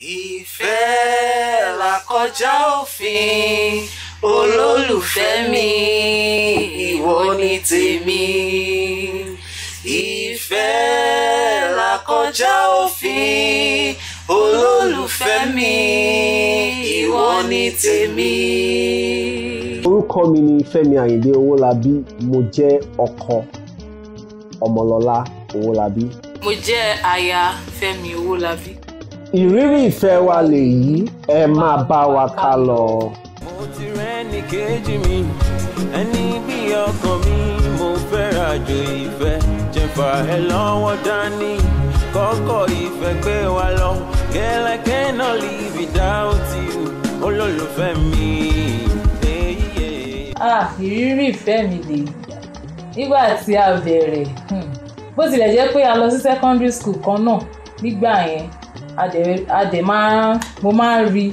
Ìfẹ́ làkọjá òfin olólùfẹ́ mi ìwọ ni tèmi. Ìfẹ́ làkọjá òfin olólùfẹ́ mi ìwọ ni tèmi. Orúkọ mi ni Fẹ́mi Àyìndé Owólabí, mo jẹ́ ọkọ Ọmọlọ́lá Owólabí. Mo jẹ́ aya Fẹ́mi Owólabí ìrírí ìfẹ́ wa lèyí ẹ máa bá wa ká lọ. mo ti rẹ́ni kejì mi ẹni bí ọkàn mi mo fẹ́ rajo ìfẹ́ jẹ̀fà ẹ lọ́wọ́ dání kọ́kọ́ ìfẹ́ gbé wa lọ kẹ́lẹ́kẹ́ náà leave without you olólùfẹ́ mi. ah ìrírí ìfẹ́ mi lèyí nígbà tí a bẹ̀rẹ̀ hmm, bó tilẹ̀ jẹ́ pé a lọ sí secondary school kan náà nígbà yẹn a dẹ̀ máa mo máa ń rí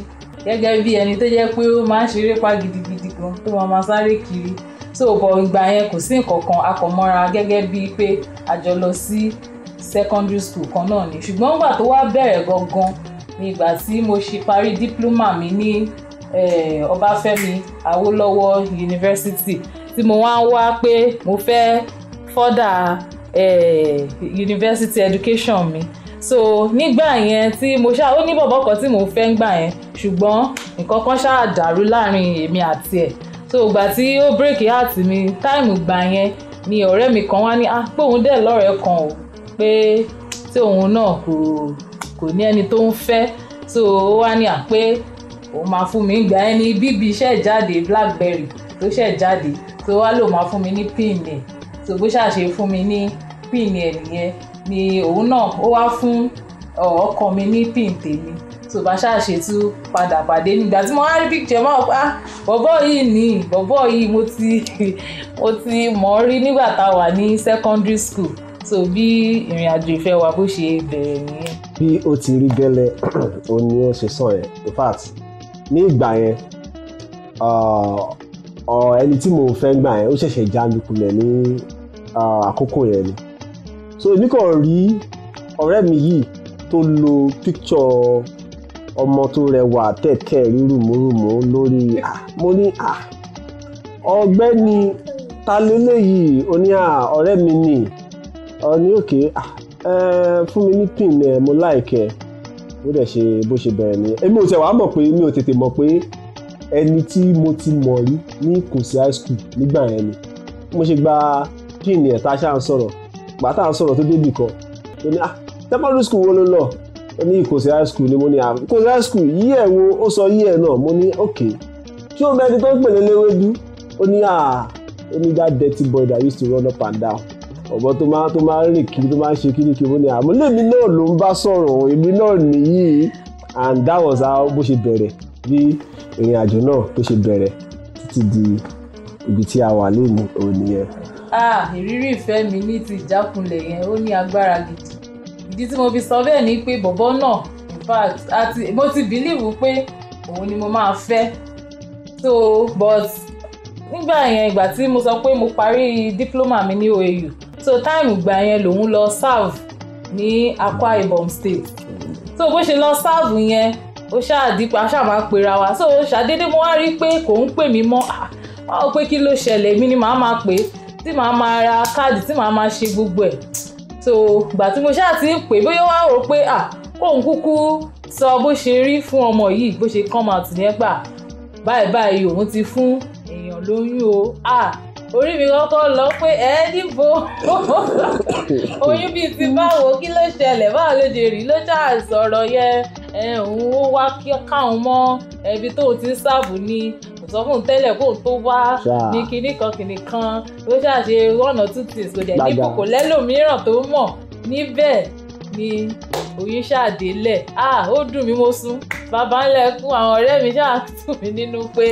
gẹ́gẹ́ bí ẹni tó jẹ́ pé ó máa ń ṣeré pa gidigidi gan tó máa ma sáré kiri so bọ̀ ìgbà yẹn kò sí nǹkan kan a kò mọ́ra gẹ́gẹ́ bíi pé a jọ lọ sí secondary school kan náà ni ṣùgbọ́n nígbà tó wá bẹ̀rẹ̀ gangan ní ìgbà tí mo ṣe parí diploma mi ní Ọbáfẹ́mi Awólọ́wọ̀ University tí mo wá ń wá pé mo fẹ́ fọ́dà university education mi so nígbà yẹn tí mo ṣáà ó ní bọ̀bọ̀ kan tí mò ń fẹ́ ńgbà yẹn ṣùgbọ́n nǹkan kan ṣáà dàrú láàrin èmi àti ẹ̀ so ìgbà tí ó bírèkì àti mi táìmù gbà yẹn ni ọ̀rẹ́ mi kan wá ní ah pé òun dẹ̀ lọ́rẹ̀ẹ́ kan o pé tí òun náà kò kò ní ẹni tó ń fẹ́ so ó wá ní à pé òun máa fún mi gbà ẹni bíbí iṣẹ́ jáde blackberry tó ṣẹ̀ jáde tó wá lò máa fún mi ní pin ẹ̀ tó bó ṣàṣe fún mi ní pin ẹ̀ nìyẹn ni òun náà ó wá fún ọkọ mi ní pin tèmi tó bá ṣàṣe tú padà pàdé nígbà tí mo wá rí picture máa pa ah, bọ̀bọ̀ yìí ni bọ̀bọ̀ yìí mo ti mo ti mọ̀ ọ́ rí nígbà tá a wà ní secondary school so bí ìrìn àjò ìfẹ́ wa bó ṣe bẹ̀rẹ̀ nìyẹn. bí o ti rí gẹ́lẹ́ o ní o ṣe sàn yẹn in fact ní ìgbà yẹn ẹni tí mo fẹ́ gbà yẹn ó ṣẹ̀ṣẹ̀ já lukulẹ̀ ní àkókò yẹn ni. Uh, so èmi kàn rí ọ̀rẹ́ mi yìí tó lo píkṣọ ọmọ tó rẹwà tẹ̀kẹ́ rúrùmúrùmú lórí à mo ní à ọ̀gbẹ́ni ta lélẹ́yìí oní à ọ̀rẹ́ mi nì ọ ní òkè à ẹ fún mi ní pin ẹ mo láìkẹ bó dẹ̀ ṣe bó ṣe bẹ̀rẹ̀ nìyẹn èmi ò tẹ̀ wá mọ̀ pé mi ò tètè mọ̀ pé ẹni tí mo ti mọ̀ rí ní kòsí high school nígbà yẹn ni mo ṣe gba pin ẹ̀ tá a ṣáà ń sọ̀rọ̀ bàtà sọ̀rọ̀ tó débì kan ó ní ah secondary school wo ló lọ ó ní ìkòsí high school ni mo ní ìkòsí ah, high school yí ẹ̀ wo ó sọ yí ẹ̀ náà mo ní ok ṣé o mẹ́ni tó ń pè lélẹ́wẹ́dú ó ní ah ó ní that dirty boy that used to run up and down ọ̀bọ tó máa tó máa ń rìn kiri tó máa ń ṣe kiri kiri ó ní àmọ́ ah, lèmi náà ló ń bá sọ̀rọ̀ èmi náà nìyí and that was how bó ṣe bẹ̀rẹ̀ bí ìrìn àjò náà bó ṣe bẹ̀rẹ̀ títí di ibi tí a wà lónìí òun nìyẹn. Ah, ìrírí ìfẹ́ mi ní ti ìjákulẹ̀ yẹn ó ní agbára gidi ìdí tí mo fi sọ bẹ́ẹ̀ ni pé bọ̀bọ́ náà in fact àti mo ti bìlíìfù pé òun ni mo máa fẹ́ so but nígbà yẹn ìgbà tí mo sọ pé mo parí diploma mi ní OAU so time ìgbà yẹn lòun lọ serve ní Akwa Ibom state so bó ṣe lọ serve yẹn ó ṣáà dípa ṣáà máa pera wa so ṣàdédé mo wá rí i pé kò ń pè mí mọ́ ah ọ pé kí ló ṣẹlẹ̀ èmi ni màá máa pè é tí màá máa ra káàdì tí màá máa ṣe gbogbo ẹ̀ so gbà tí mo ṣáà ti ń pè bóyá wàá rò pé à kóun kúkú sọ bó ṣe rí fún ọmọ yìí bó ṣe come out ní ẹgbà báyìí báyìí òun ti fún èèyàn lóyún o à orí mi kọ́kọ́ lọ pé ẹ níbo oyún bíi ti báwo kí ló ṣẹlẹ̀ báwo ló ṣe rí ló ṣáà sọ̀rọ̀ yẹn òun ó wá káwọn mọ́ ẹbí tóun ti ń sáàbù ní sọ fóun tẹ́lẹ̀ kóun tó wá ní kinní kan kinní kan ló ṣàṣe one or two things kò jẹ́ nípò kò lẹ́lòmíràn tó mọ̀ níbẹ̀ ni oyún ṣàdélẹ̀ ah ó dùn mí mo sún bàbá ńlẹ̀ kún àwọn ọ̀rẹ́ mi ṣáà tù mí nínú pé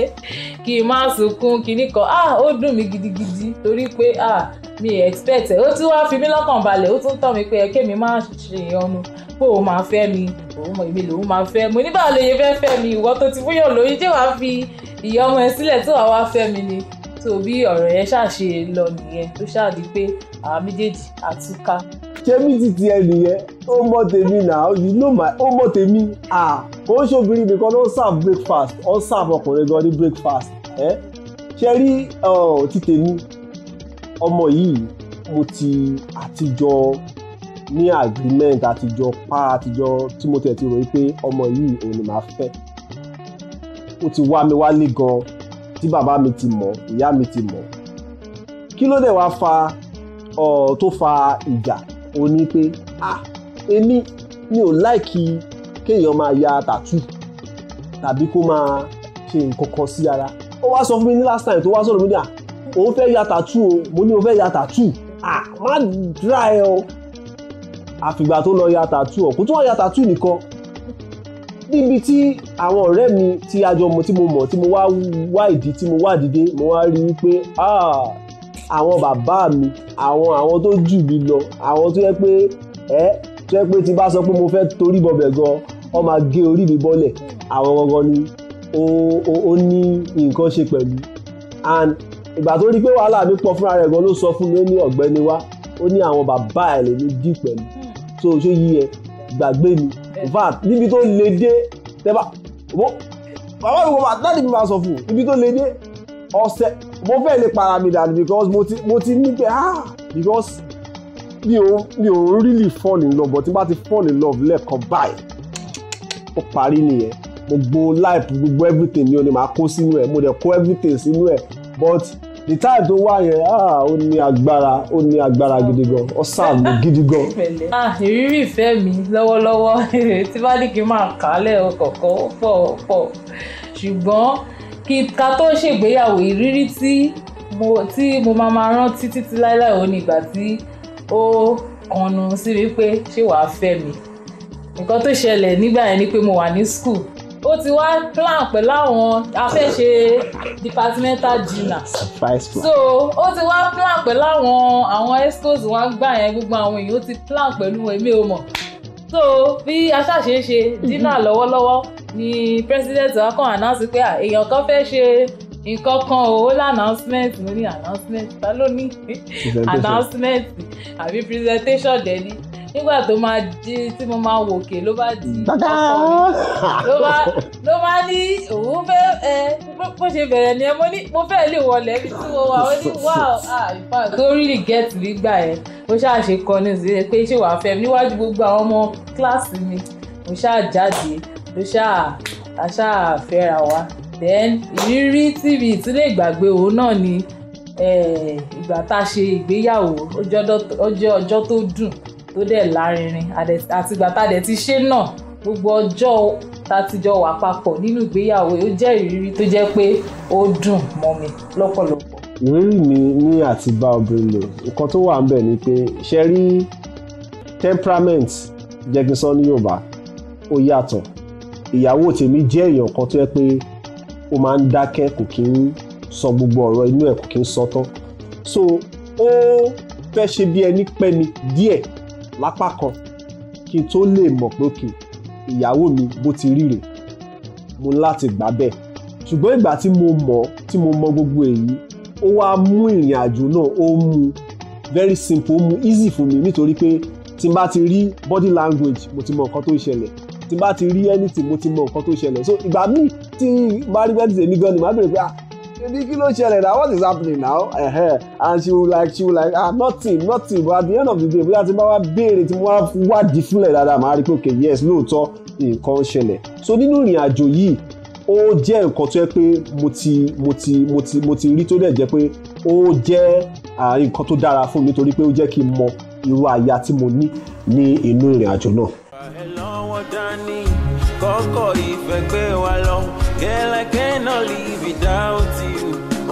kí n má sunkún kinní kan ah ó dùn mí gidigidi torí pé ah mi expect ẹ̀ ó tún wá fi mí lọ́kàn balẹ̀ ó tún tọ́ mi pé ẹ̀kẹ́ mi má ṣe ìyọnu pé òun máa fẹ́ mi òun èmi lòun máa fẹ́ mo nígbà lóye fẹ́ fẹ́ mi ìwọ tó ti fúyàn lóyún jẹ́ wàá fi ìyá ọmọ ẹ sílẹ̀ tó wàá wá fẹ́ mi ni tó bí ọ̀rọ̀ yẹn ṣàṣe lọ nìyẹn tó ṣáàdì pé àwọn méjèèjì àtúká. ṣebí títí ẹ nìyẹn ó mọ tèmi náà you know my ó mọ tèmi ah kò ń ṣobìnrin nìkan ló ń serve breakfast ó ń serve ọkùnrin gan ní breakfast ẹ ṣe rí ti tèmi ọmọ yìí mo ti àtijọ́ ní agreement àtijọ́ pa àtijọ́ tí mo tẹ̀ ti rò pé ọmọ yìí òun ni màá fẹ́ ó ti wá mi wálé gan tí bàbá mi ti mọ̀ ìyá mi ti mọ̀ kí ló dẹ̀ wá fa ọ̀ tó fa ìjà ó pé ah èmi mi ò láìkí kéèyàn máa ya tàtú tàbí kó máa ṣe nǹkan kan sí ara ó wá sọ fún mi ní last time tó wá sọ̀rọ̀ mi ní à òun fẹ́ ya tàtú o mo ní o fẹ́ ya tàtú ah má dra ẹ o àfìgbà tó lọ ya tàtú ọ̀ kó tó wá ya tàtú nìkan níbi tí àwọn ọ̀rẹ́ mi tí a jọ mọ̀ tí mo mọ̀ tí mo wá wá ìdí tí mo wá dìde mo wá rí i pé ah, àwọn bàbá mi àwọn àwọn tó jù mí lọ àwọn tó yẹ pé ẹ tó yẹ pé tí bá sọ pé mo fẹ́ torí bọ̀bẹ̀ gan ọ máa gé orí mi bọ́lẹ̀ àwọn gangan ni ó ó ní nǹkan ṣe pẹ̀lú and ìgbà tó rí pé wàhálà mi pọ̀ fúnra rẹ̀ gan ló sọ fún mi ní ọ̀gbẹ́ni wa ó ní àwọn bàbá ẹ̀ lè ní dì pẹ̀lú so ṣó yí ẹ gbàgbé mi vat níbi tó le dé tẹ́bà mo bàbá mi kò bá dáàdì mi máa sọ fún un níbi tó le dé ọ̀sẹ̀ mo fẹ́ lè para mi dànù because mo ti mo ti níbẹ̀ ah because mi ò mi ò really fall in love but tí n bá ti fall in love lẹ́ẹ̀kan báyìí ó parí nìyẹn gbogbo life gbogbo everything mi ò ní máa kó sínú ẹ̀ mo dẹ̀ kó everything sínú ẹ̀ but the time tó wá yẹn ah ó ní agbára ó ní agbára gidi gan ó gidi gan. ah ìrírí ìfẹ́ mi lọ́wọ́lọ́wọ́ tí bá ní kí n máa kà á lẹ́ẹ̀kan kọ̀ọ̀kan pọ̀ pọ̀ ṣùgbọ́n kí ká tó ṣègbéyàwó ìrírí tí mo tí mo máa máa rántí títí láéláé òun nígbà tí ó kànnù sí wípé ṣé wàá fẹ́ mi nǹkan tó ṣẹlẹ̀ nígbà yẹn ni pé mo wà ní school ó ti wá plan pẹ̀lú àwọn a departmental dinner so ó ti wá plan pẹ̀lú àwọn àwọn escos wa gbà yẹn gbogbo àwọn èèyàn ó ti plan pẹ̀lú èmi ò mọ̀ so bí aṣáṣe dinner mm-hmm. lọ́wọ́lọ́wọ́ ni president wa kàn announce pé èèyàn kan fẹ́ ṣe nǹkan kan o ó lá announcement mo ní announcement ta ló ní announcement àbí presentation dẹ̀ ni nígbà tó máa di tí mo máa wòkè ló bá di ọkọ mi ló bá ní òun fẹ́ ẹ bó ṣe bẹ̀rẹ̀ ni ẹ mo ní mo fẹ́ lè wọlé ibi tí mo wà ó ní wow ah tó really get mi gbà yẹn mo ṣáà ṣe kọ ní ìṣe pé ṣé wàá fẹ́ níwájú gbogbo àwọn ọmọ kíláàsì mi mo ṣáà jáde mo ṣáà aṣáà fẹ́ra wa then ìrírí tv ìtúlẹ̀ ìgbàgbé òun náà ni ìgbà tá a ṣe ìgbéyàwó ó ọjọ́ tó dùn tó dẹ̀ lárinrin àtìgbà tá a dẹ̀ ti ṣe náà gbogbo ọjọ́ tá a ti jọ wà papọ̀ nínú ìgbéyàwó ó jẹ́ ìrírí tó jẹ́ pé ó dùn mọ́ mi lọ́pọ̀lọpọ̀. ìrírí mi ní àti bá obìnrin lò nǹkan tó wà ń bẹ̀ ni pé ṣe rí temperament jẹ́ ní Yorùbá ó yàtọ̀ ìyàwó tèmi jẹ́ èèyàn kan tó yẹ pé ó máa ń dákẹ́ kò kí ń sọ gbogbo ọ̀rọ̀ inú ẹ̀ kò kí ń sọ tán so ó fẹ́ ṣe bí ẹni pẹ́ni díẹ̀ lápá kan kí n tó lè mọ̀ pé òkè ìyàwó mi bó ti rí rèé mo láti gbà bẹ́ẹ̀ ṣùgbọ́n ìgbà tí mo mọ̀ tí mo mọ̀ gbogbo èyí ó wá mú ìrìn àjò náà ó mú very simple ó mú easy fún mi nítorí pé tí n bá ti rí body language mo ti mọ nǹkan tó ń ṣẹlẹ̀ tí n bá ti rí anything mo ti mọ nǹkan tó ń ṣẹlẹ̀ so ìgbà míì tí bá rí wedding èmi gan ni màá bèrè pé ah Maybe kí ló ṣẹlẹ̀ na what is happening now? Uh-huh. And she will like she will like ah nothing nothing but at the end of the day bóyá tí n bá wá béèrè tí mo wá wádìí fúnlẹ̀ dáadáa màá rí pé okay yes lóòótọ́ nǹkan ṣẹlẹ̀. So nínú ìrìn àjò yìí ó jẹ́ nǹkan tó yẹ pé mo ti mo ti mo ti mo ti rí tó dẹ̀ jẹ́ pé ó jẹ́ nǹkan tó dára fún mi nítorí pé ó jẹ́ kí n mọ irú aya tí mo ní ní inú ìrìn àjò náà. ẹ lọ́wọ́ dání kọ́kọ́ ìfẹ́ gbé wa lọ. Girl, I cannot live without you.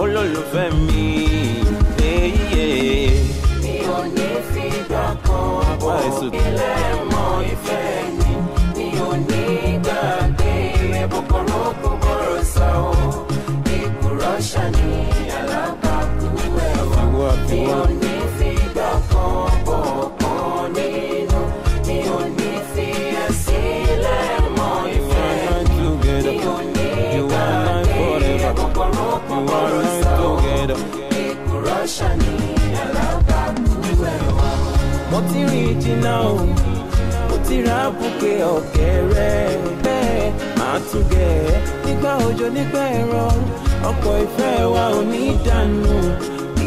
Olólùfẹ́ mi. Hey, eh, yeah. me, ò ní fi gbà kan bọ̀ mo ti rìn o mo ti ra bùkè ọ̀kẹ́rẹ́ bẹ́ẹ̀ máa tún gẹ̀ òjò nígbà ẹ̀rọ ọkọ̀ ìfẹ́ wa ò ní dànù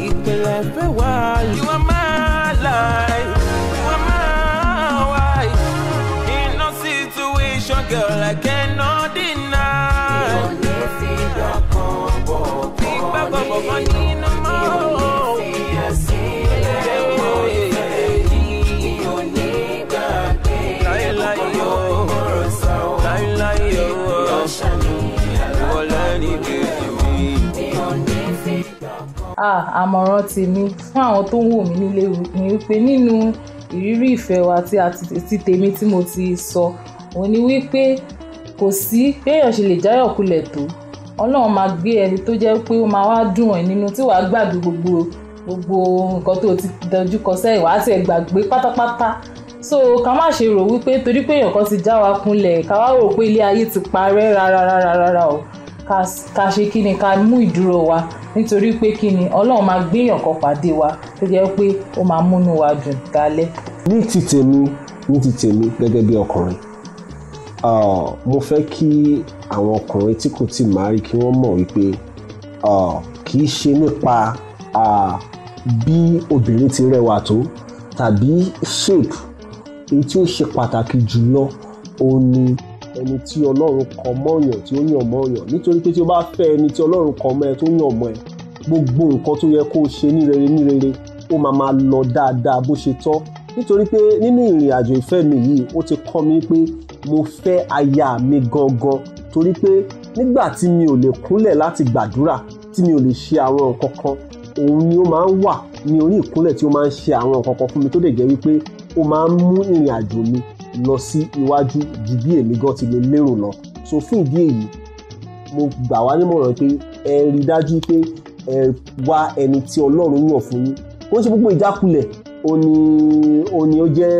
ìpìlẹ̀ ìfẹ́ wa. You are my life, you are my wife. In no situation, girl, I cannot deny. àmọ̀ràn tèmi fún àwọn tó ń wò mí nílé ni wípé nínú ìrírí ìfẹ́ wa àti tèmi tí mo ti sọ òun ni wípé kò sí béèyàn ṣe lè jáyọ̀ kulẹ̀ tó ọlọ́run máa gbé ẹni tó jẹ́ pé ó máa wá dùn ẹ̀ nínú tí wàá gbàgbé gbogbo gbogbo nǹkan tó ti dojú kọ sẹ́yìn wàá tiẹ̀ gbàgbé pátápátá so ká má ṣe rò wípé torí pé èèyàn kan ti já wa kunlẹ̀ ká wá rò pé ilé ayé ti parẹ́ rárá rárá rárá o ká ṣe kí ni ká mú ìdúró wa nítorí pé kí ni ọlọ́run máa gbéyàn kan pàdé wa tó jẹ́ pé ó máa múnú wa dùn dalẹ́. ní ti tèmi ní ti tèmi gẹ́gẹ́ bí ọkùnrin mo fẹ́ kí àwọn ọkùnrin tí kò tí máa rí kí wọ́n mọ̀ wípé kì í ṣe nípa bí obìnrin ti rẹwà tó tàbí shape èyí tí ó ṣe pàtàkì jùlọ òun ni ẹni tí ọlọ́run kan mọ́ọ̀yàn tí ó yàn mọ́ọ̀yàn nítorí pé tí o bá fẹ́ ẹni tí ọlọ́run kan mọ́ ẹ tó yàn mọ́ ẹ gbogbo nǹkan tó yẹ kó o ṣe ní rere ní rere ó máa máa lọ dáadáa bó ṣe tọ́ nítorí pé nínú ìrìn àjò ìfẹ́ mi yìí ó ti kọ́ mi pé mo fẹ́ aya mi gangan torí pé nígbà tí mi ò lè kúnlẹ̀ láti gbàdúrà tí mi ò lè ṣe àwọn nǹkan kan òun ni ó máa ń wà ní orí ìkúnlẹ̀ tí ó máa ń ṣe àwọn nǹkan kan fún mi tó dẹ̀ jẹ́ wípé ó máa ń mú ìrìn àjò mi lọ sí iwájú ju bí èmi gan ti lè lérò lọ so fún ìdí èyí mo gbà wá nímọ̀ràn pé ẹ rí dájú pé ẹ wá ẹni tí ọlọ́run yàn fún yín kó ṣe gbogbo ìjákulẹ̀ ó ní ó jẹ́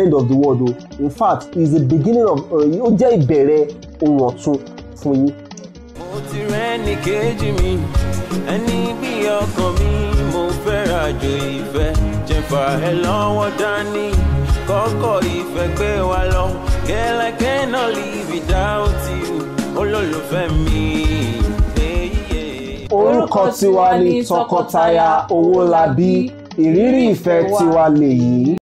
end of the world o in fact is the beginning of ó jẹ́ ìbẹ̀rẹ̀ ohun ọ̀tun fún yín. mo ti rẹ́ni kejì mi ẹni bí ọkàn mi mo fẹ́ rajo ìfẹ́ jẹ́fà ẹ lọ́wọ́ dání kọ́kọ́ ìfẹ́ gbé wa lọ Girl, I cannot live without you olólùfẹ́ mi. orúkọ tiwa ni tọkọtaya Owólabí ìrírí ìfẹ́ tiwa lèyí.